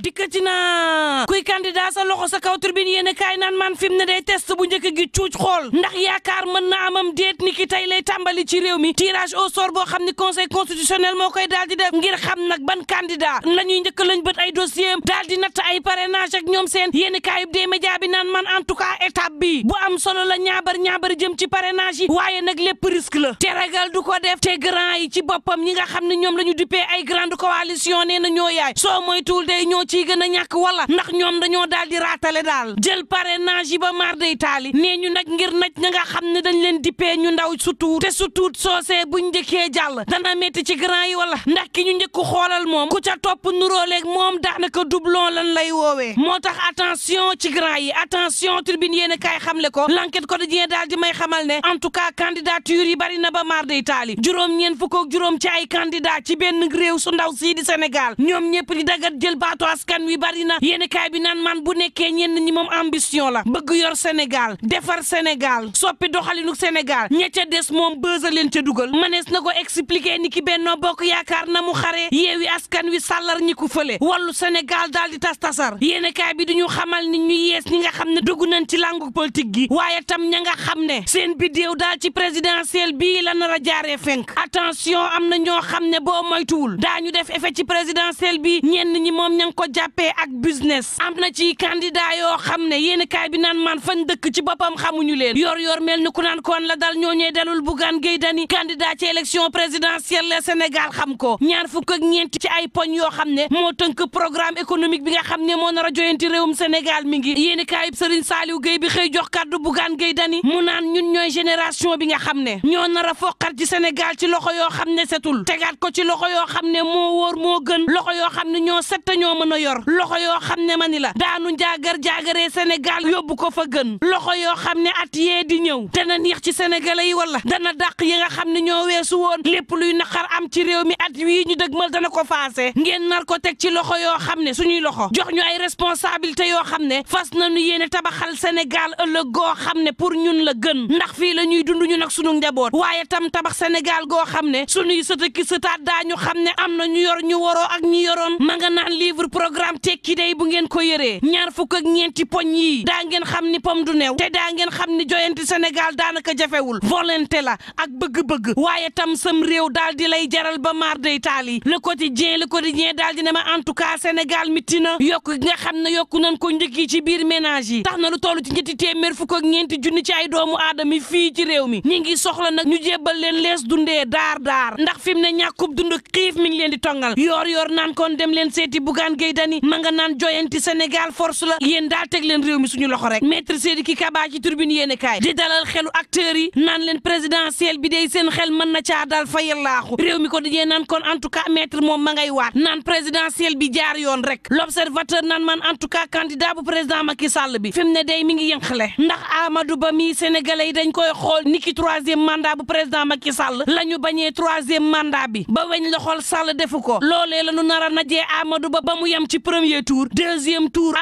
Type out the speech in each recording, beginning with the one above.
dikkati naa kuy candidat sa loxo sa kaw tribune yéen kaay naan man fi mu ne day test bu njëkk gi cuuc xool ndax yaakaar mën na amam déet ni ki tey lay tàmbali ci réew mi tirage au sort boo xam ni conseil constitutionnel moo koy daal di def ngir xam nag ban candidat la ñuy njëkk lañ bët ay dossier daal di natt ay parrainage ak ñoom seen yéen kaay des média bi naan man en tout cas étape bi bu am solo la ñaabar ñaabar jëm ci parrainage yi waaye nag lépp risque la te ragal du ko def ci boppam ñi nga xam ne ñoom la ñu duppee ay ci gën a ñàkk wala ndax ñoom dañoo daal di raatale daal jël parrainage yi ba maar day taali nee ñu nag ngir naj ña nga xam ne dañ leen dippee ñu ndaw sutuut te sutuut soosee bu njëkkee jàll dana metti ci grand yi wala ndax ki ñu njëkku xoolal moom ku ca topp nuróoleeg moom daanaka doublon lan lay woowe moo tax attention ci grand yi attention tribune yéen a kaay xamle ko l'enquête quotidien daal di may xamal ne en tout cas yi bari na ba maar day taali juróom ñeen fukk juróom ci ay candidat ci benn réew su ndaw sii di Sénégal ñoom ñëpp di dagat jël askan wi bari na yéen kaay bi naan man bu nekkee ñenn ñi moom ambition la bëgg yor Sénégal defar Sénégal soppi doxalinu Sénégal ña ca des moom bësa leen ca dugal manees na ko expliquer ni ki Benno Bokk Yaakaar na mu xare yeewi askan wi sàllar ñi ko fële wàllu Sénégal daal di tas tasar yéen kaay bi duñu xamal ni ñu yees ñi nga xam ne dugg nañ ci langu politique gi waaye tam ña nga xam ne seen bidéew daal ci présidentiel bii la nar a jaaree fenk attention am na ñoo xam ne boo moytuwul daañu ko jàppee ak business am na ci candidat yoo xam ne yéen kaay bi naan man fañ dëkk ci boppam xamuñu leen yor yor mel ni ku naan kon la dal ñooñee dalul Bougane Gueye Dany candidat ci élection présidentielle la Sénégal xam ko ñaar fukk ak ñeent ci ay poñ yoo xam ne moo tënk programme économique bi nga xam ne moo nar a joyanti réewum Sénégal mi ngi yéen kaayub Serigne Saliou Gueye bi xëy jox kàddu Bougane Gueye Dany mu naan ñun ñooy génération bi nga xam ne ñoo nar a foqar ci Sénégal ci loxo yoo xam ne setul tegaat ko ci loxo yoo xam ne moo wóor moo gën loxo yoo xam ne ñoo ñoo mën a yor loxo yoo xam ne ma ni la daanu jaagar jaagaree Sénégal yóbbu ko fa gën loxo yoo xam ne at yee di ñëw dana neex ci sénégalais yi wala dana dàq yi nga xam ne ñoo weesu woon lépp luy naqar am ci réew mi at wii ñu dëgmal dana ko faase ngeen nar ko teg ci loxo yoo xam ne suñuy loxo jox ñu ay responsabilité yoo xam ne fas na nañu yéene tabaxal Sénégal ëllëg goo xam ne pour ñun la gën ndax fii la ñuy dund ñu nag suñu njaboot waaye tam tabax Sénégal goo xam ne suñuy sëtëki sëtaat daañu xam ne am na ñu yor ñu waroo ak programme tekki dey bu ngeen ko yëree ñaar fukk ak ñeenti poñ yi daa ngeen xam ni pom du neew te daa ngeen xam ni joyanti Sénégal daanaka jafewul volonté la ak bëgg-bëgg waaye tam sam réew daal di lay jaral ba maar day taal yi le quotidien le quotidien daal di ne ma en tout cas Sénégal mitti na yokk nga xam ne yokku nañ ko njëkk yi ci biir ménage yi tax na lu toll ci ñetti téeméer fukk ak ñeenti junni ci ay doomu aadama yi fii ci réew mi ñi ngi soxla nag ñu jébbal leen lees dundee daar daar ndax fi mu ne ñàkkub dund mi ngi leen di tongal yoor yoor naan dem leen seeti bugaan Gueye Dany ma nga naan joyanti Sénégal force la yéen daal teg leen réew mi suñu loxo rek maître Sidiki Kaba ci turbine yéen kaay di dalal xelu acteurs yi naan leen présidentiel bi day seen xel mën na caa moom ma ngay waat naan présidentiel bi jaar yoon rek l'observateur naan man en tout bu président Macky Sall bi Ba mi sénégalais yi la ñu bañee bi ba weñ la xool defu ko loolee la ñu nar a najee Amadou Ba ba mu yem dem ci premier tour deuxième ko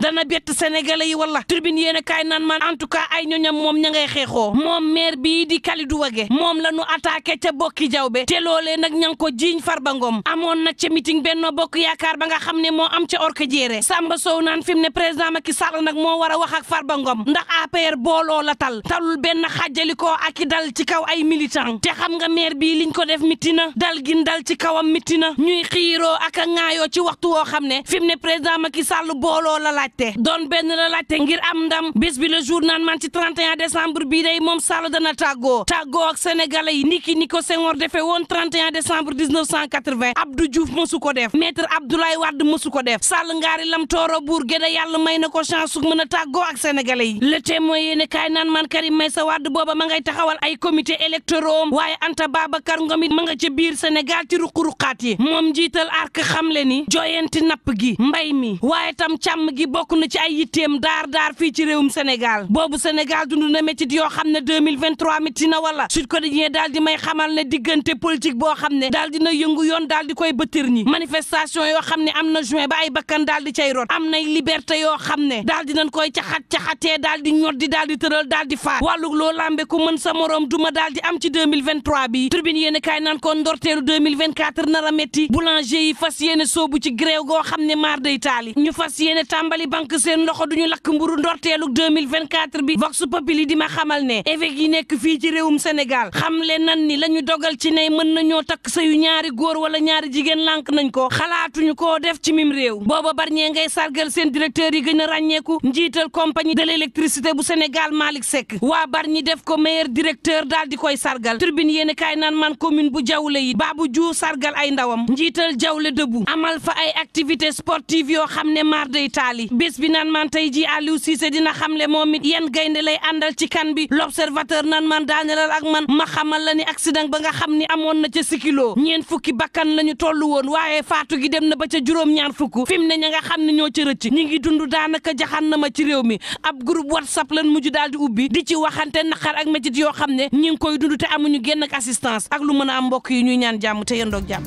dana bett sénégalais yi wala tribune yéen a kaay naan man en tout cas ay ñoñam moom ña ngay xeexoo moom maire bii di Kalidou Wage moom la nu attaqué ca bokki jawbe te loolee nag ña ngi ko jiiñ Farba Ngom amoon na ca meeting Benno Bokk Yaakaar ba nga xam ne moo am ca orke jéere Samba Sow naan fi mu ne président Macky Sall nag moo war a wax ak Farba Ngom ndax APR booloo la tal talul benn xàjjalikoo ak i dal ci kaw ay militant te xam nga maire bii liñ ko def mitti na dal gin dal ci kawam mitti na ñuy a waxtu woo xam ne fi mu ne président Macky sal boolo la laajte doon benn la laajte ngir am ndam bés bi le jour naan man ci 31 décembre bii day moom Sall dana tàggoo tàggoo ak sénégalais yi niki ni ko Senghor defee woon 31 décembre 1980 Abdou Diouf mosu ko def maître Abdoulaye Wade mosu ko def Sall ngaari lam tooro buur gëda yàlla may na ko chance su mën a tàggoo ak sénégalais yi le témoin yéene kaay naan man Karim Meïssa Wade booba ma ngay taxawal ay comité électoraux waaye Anta Babacar Ngom it ma nga ca biir Sénégal ci ruq-ruqaat yi moom njiital arc xamle ni jooyanti napp gi mbay mi waaye tam càmm gi bokk na ci ay yitteem daar daar fii ci réewum Sénégal boobu Sénégal dund na métit yoo xam ne 2023 métti na wala Sud Quotidien daal di may xamal ne diggante politique boo xam ne daal dina yëngu yoon daal di koy bëtër ñi manifestation yoo xam ne am na juin ba ay bakkan daal di cay rot am nay liberté yoo xam ne daal di nañ koy caxat caxatee daal di ñoddi daal di tëral daal di faat wàllug loo lambe ku mën sa morom duma daal di am ci 2023 bi tribune yéen kaay naan ko ndorteelu 2024 nar a métti boulanger yi fas yéene soobu ci gréew goo xam ne maar day taali ñu fas yéene tàmbali banque seen loxo duñu lakk mburu ndorteelu 2024 bi vox populi di ma xamal ne évêque yi nekk fii ci réewum Sénégal xam le nan ni la ñu dogal ci ne mën nañoo takk sayu ñaari góor wala ñaari jigéen lànk nañ ko xalaatuñu koo def ci mim réew booba barñee ngay sargal seen directeur yi gën a ràññeeku njiital compagnie de l'électricité bu Sénégal Malick Seck waa barñi def ko meilleur directeur daal di koy sargal turbine yéen kaay naan man commune bu jawle yi Babou Diouf sargal ay ndawam njiital jawle dëbbu amal fa ay activité sportive yoo xam ne maar day taali bés bi nan man tey ji Aliou Cissé dina xam le moom it yan gaynde lay àndal ci kan bi l'observateur nan man daanelal ak man ma xamal la ni accident ba nga xam ni amoon na ca Sikilo ñeen fukki bakkan lañu tollu woon waaye faatu gi dem na ba ca juróom-ñaar fukk fi mu ne ña nga xam ne ñoo ca rëcc ñi ngi dund daanaka jaxan na ma ci réew mi ab groupe whatsapp lan mujj daal di ubbi di ci waxante naqar ak métit yoo xam ne ñi ngi koy dund amuñu genn ak assistance ak lu mën a am mbokk yi ñuy ñaan jàmm te yendoog jàmm